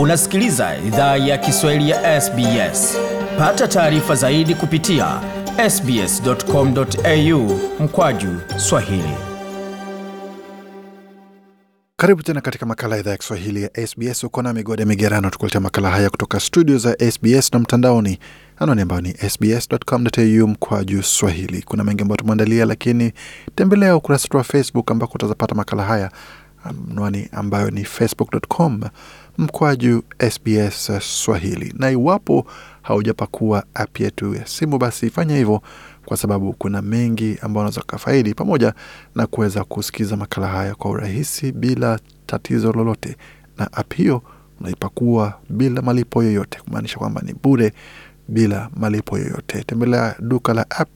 Unasikiliza idhaa ya Kiswahili ya SBS. Pata taarifa zaidi kupitia sbs.com.au mkwaju swahili. Karibu tena katika makala ya idhaa ya Kiswahili ya SBS. Uko na migode migerano, tukuletea makala haya kutoka studio za SBS na mtandaoni, anwani ambayo ni sbs.com.au mkwaju swahili. Kuna mengi ambayo tumeandalia, lakini tembelea ukurasa wetu wa Facebook ambako utazapata makala haya, anwani ambayo ni facebook.com mkwaju SBS Swahili, na iwapo haujapakua app yetu ya simu, basi fanya hivyo kwa sababu kuna mengi ambayo unaweza kufaidi, pamoja na kuweza kusikiza makala haya kwa urahisi bila tatizo lolote. Na app hiyo unaipakua bila malipo yoyote, kumaanisha kwamba ni bure, bila malipo yoyote. Tembelea duka la app,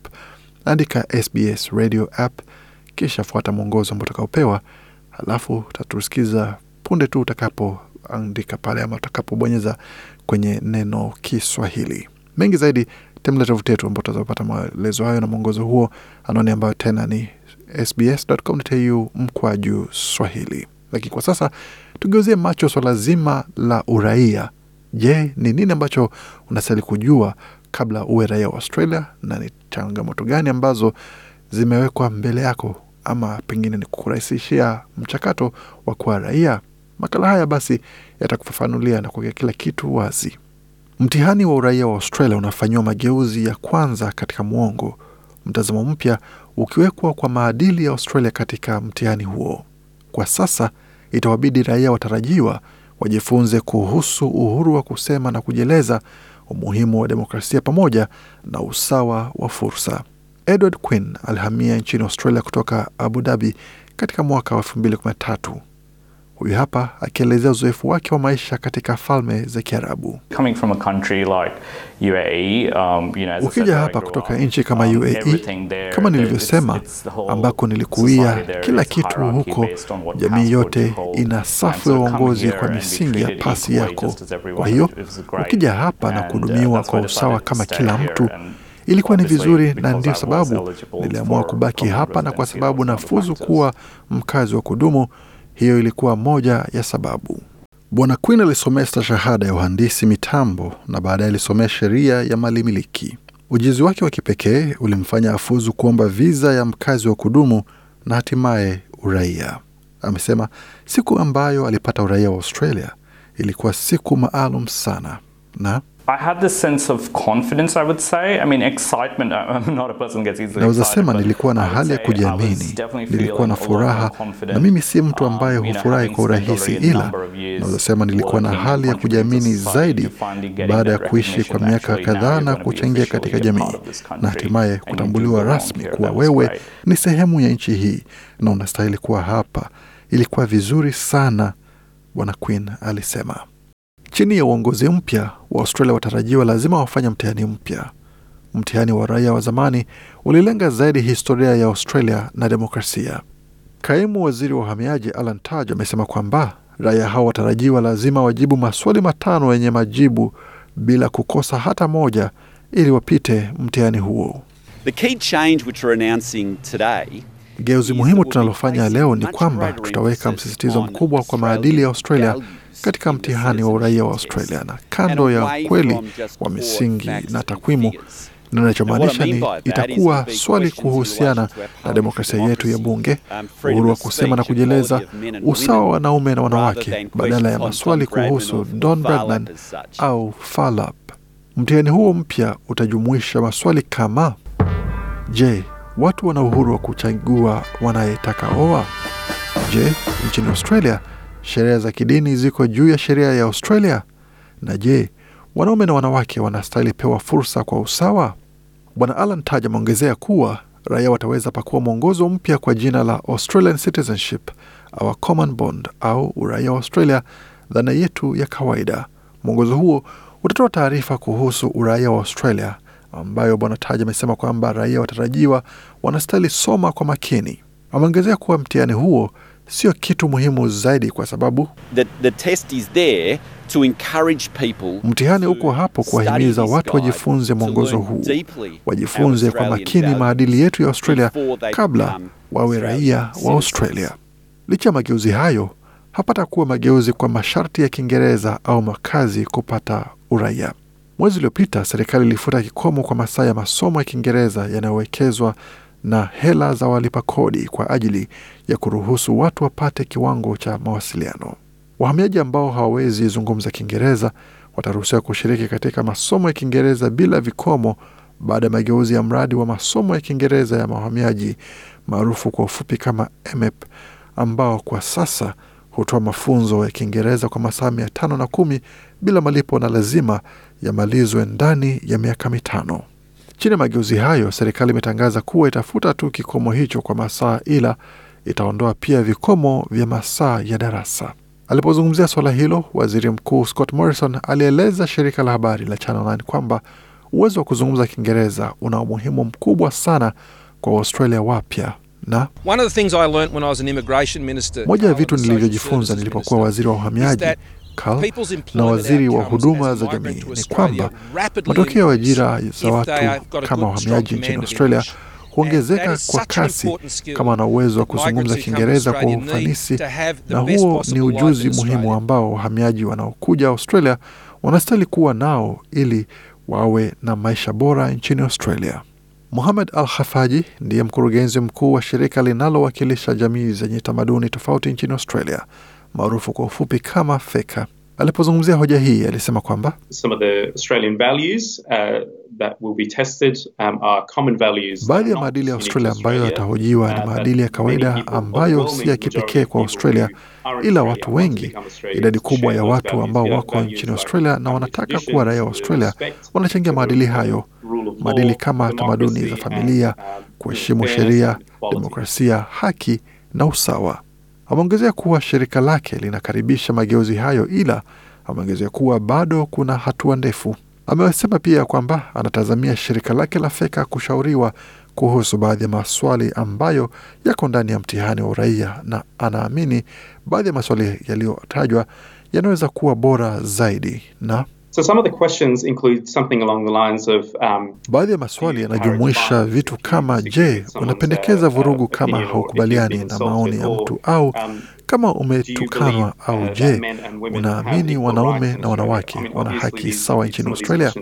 andika SBS Radio app, kisha fuata mwongozo ambao utakaopewa, halafu utatusikiza punde tu utakapo andika pale ama utakapobonyeza kwenye neno Kiswahili. Mengi zaidi tembelea tovuti yetu ambao utazapata maelezo hayo na mwongozo huo, anwani ambayo tena ni sbs.com.au mkwaju swahili. Lakini kwa sasa tugeuzie macho swala zima la uraia. Je, ni nini ambacho unastahili kujua kabla uwe raia wa Australia na ni changamoto gani ambazo zimewekwa mbele yako ama pengine ni kukurahisishia mchakato wa kuwa raia? Makala haya basi yatakufafanulia na kuweka kila kitu wazi. Mtihani wa uraia wa Australia unafanyiwa mageuzi ya kwanza katika mwongo, mtazamo mpya ukiwekwa kwa maadili ya Australia katika mtihani huo. Kwa sasa itawabidi raia watarajiwa wajifunze kuhusu uhuru wa kusema na kujieleza, umuhimu wa demokrasia pamoja na usawa wa fursa. Edward Quinn alihamia nchini Australia kutoka Abu Dhabi katika mwaka wa 2013. Huyu hapa akielezea uzoefu wake wa maisha katika falme za Kiarabu. E, um, ukija hapa kutoka nchi kama UAE, um, kama nilivyosema, ambako nilikuia, kila kitu huko, jamii yote ina safu ya uongozi kwa misingi ya pasi yako. Kwa hiyo ukija hapa na uh, kuhudumiwa kwa usawa kama kila mtu ilikuwa ni vizuri, na ndio sababu niliamua kubaki hapa, na kwa sababu nafuzu kuwa mkazi wa kudumu hiyo ilikuwa moja ya sababu. Bwana Quinn alisomea stashahada ya uhandisi mitambo na baadaye alisomea sheria ya malimiliki. Ujuzi wake wa kipekee ulimfanya afuzu kuomba viza ya mkazi wa kudumu na hatimaye uraia. Amesema siku ambayo alipata uraia wa Australia ilikuwa siku maalum sana. No. I had this sense of confidence, I would say. I mean, excitement. Uh, I'm not a person who gets easily excited. sema nilikuwa na hali ya kujiamini, nilikuwa na furaha, na mimi si mtu um, ambaye hufurahi kwa urahisi, ila naweza sema nilikuwa na hali ya kujiamini zaidi baada ya kuishi kwa miaka kadhaa na kuchangia katika jamii, na hatimaye kutambuliwa rasmi kuwa wewe ni sehemu ya nchi hii na unastahili kuwa hapa. Ilikuwa vizuri sana, Bwana Queen alisema. Chini ya uongozi mpya wa Australia, watarajiwa lazima wafanya mtihani mpya. Mtihani wa raia wa zamani ulilenga zaidi historia ya Australia na demokrasia. Kaimu waziri wa uhamiaji Alan Tudge amesema kwamba raia hao watarajiwa lazima wajibu maswali matano yenye majibu bila kukosa hata moja ili wapite mtihani huo. The key change which we're announcing today Geuzi muhimu tunalofanya leo ni kwamba tutaweka msisitizo mkubwa kwa maadili ya Australia katika mtihani wa uraia wa Australia na kando ya kweli wa misingi na takwimu ninachomaanisha ni itakuwa swali kuhusiana na demokrasia yetu ya bunge, uhuru wa kusema na kujieleza, usawa wa wanaume na wanawake, badala ya maswali kuhusu Don Bradman au Falap. Mtihani huo mpya utajumuisha maswali kama: Je, watu wana uhuru wa kuchagua wanayetaka oa? Je, nchini Australia sheria za kidini ziko juu ya sheria ya Australia? Na je, wanaume na wanawake wanastahili pewa fursa kwa usawa? Bwana Alan taj ameongezea kuwa raia wataweza pakuwa mwongozo mpya kwa jina la Australian Citizenship au Common Bond au uraia wa Australia, dhana yetu ya kawaida. Mwongozo huo utatoa taarifa kuhusu uraia wa Australia ambayo Bwana taj amesema kwamba raia watarajiwa wanastahili soma kwa makini. Ameongezea kuwa mtihani huo sio kitu muhimu zaidi, kwa sababu the, the test is there to encourage people. Mtihani uko hapo kuwahimiza watu wajifunze mwongozo huu, wajifunze kwa makini maadili yetu ya Australia kabla wawe raia wa Australia. Licha ya mageuzi hayo, hapata kuwa mageuzi kwa masharti ya Kiingereza au makazi kupata uraia. Mwezi uliopita serikali ilifuta kikomo kwa masaa ya masomo ya Kiingereza yanayowekezwa na hela za walipa kodi kwa ajili ya kuruhusu watu wapate kiwango cha mawasiliano. Wahamiaji ambao hawawezi zungumza Kiingereza wataruhusiwa kushiriki katika masomo ya Kiingereza bila vikomo baada ya mageuzi ya mradi wa masomo ya Kiingereza ya wahamiaji maarufu kwa ufupi kama MEP, ambao kwa sasa hutoa mafunzo ya Kiingereza kwa masaa mia tano na kumi bila malipo na lazima yamalizwe ndani ya miaka mitano. Chini ya mageuzi hayo, serikali imetangaza kuwa itafuta tu kikomo hicho kwa masaa, ila itaondoa pia vikomo vya masaa ya darasa. Alipozungumzia suala hilo, waziri mkuu Scott Morrison alieleza shirika la habari la Channel 9 kwamba uwezo wa kuzungumza Kiingereza una umuhimu mkubwa sana kwa Waustralia wapya na moja ya um, vitu nilivyojifunza nilipokuwa waziri wa uhamiaji Kal na waziri wa huduma za jamii ni kwamba matokeo ya ajira za watu kama wahamiaji nchini Australia huongezeka kwa kasi kama na uwezo wa kuzungumza Kiingereza kwa ufanisi, na huo ni ujuzi muhimu ambao wahamiaji wanaokuja Australia wanastahili kuwa nao ili wawe na maisha bora nchini Australia. Muhamed Al Hafaji ndiye mkurugenzi mkuu wa shirika linalowakilisha jamii zenye tamaduni tofauti nchini Australia maarufu kwa ufupi kama feka. Alipozungumzia hoja hii alisema kwamba uh, um, baadhi ya maadili ya Australia ambayo yatahojiwa ni uh, maadili ya kawaida ambayo si ya kipekee kwa Australia, ila watu wengi, idadi kubwa ya watu ambao wako nchini Australia na wanataka kuwa raia wa Australia wanachangia maadili hayo, maadili kama tamaduni za uh, familia, kuheshimu sheria, demokrasia, haki na usawa. Ameongezea kuwa shirika lake linakaribisha mageuzi hayo, ila ameongezea kuwa bado kuna hatua ndefu. Amesema pia kwamba anatazamia shirika lake la Feka kushauriwa kuhusu baadhi ya maswali ambayo yako ndani ya mtihani wa uraia, na anaamini baadhi ya maswali yaliyotajwa yanaweza kuwa bora zaidi na Um, Baadhi ya maswali yanajumuisha vitu kama je, uh, unapendekeza vurugu uh, kama haukubaliani na maoni ya mtu au um, kama umetukanwa uh, au je, unaamini wanaume na wanawake wana haki sawa nchini Australia?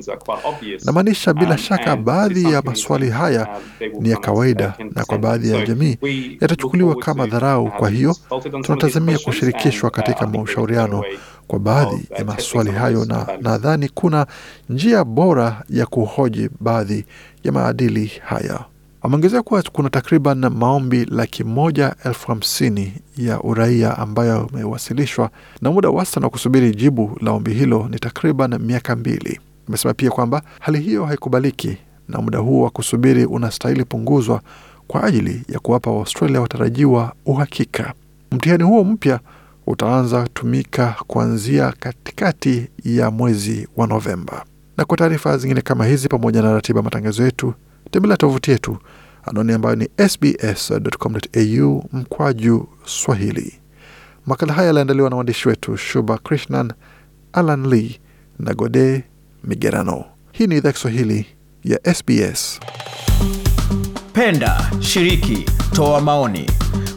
Namaanisha um, bila shaka, uh, uh, baadhi ya maswali haya ni ya kawaida na kwa baadhi ya jamii yatachukuliwa kama dharau. Kwa hiyo tunatazamia kushirikishwa katika mashauriano kwa baadhi ya maswali hayo, na nadhani kuna njia bora ya kuhoji baadhi ya maadili haya. Wameongezea kuwa kuna takriban maombi laki moja elfu hamsini ya uraia ambayo yamewasilishwa na muda wastani wa kusubiri jibu la ombi hilo ni takriban miaka mbili. Amesema pia kwamba hali hiyo haikubaliki na muda huo wa kusubiri unastahili punguzwa kwa ajili ya kuwapa Waaustralia watarajiwa uhakika. Mtihani huo mpya utaanza tumika kuanzia katikati ya mwezi wa Novemba. Na kwa taarifa zingine kama hizi pamoja na ratiba matangazo yetu tembelea tovuti yetu anwani ambayo ni sbs.com.au mkwaju Swahili. Makala haya yaliandaliwa na waandishi wetu Shuba Krishnan, Alan Lee na Gode Migerano. Hii ni idhaa Kiswahili ya SBS. Penda, shiriki, toa maoni,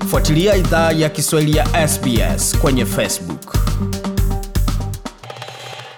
fuatilia idhaa ya Kiswahili ya SBS kwenye Facebook.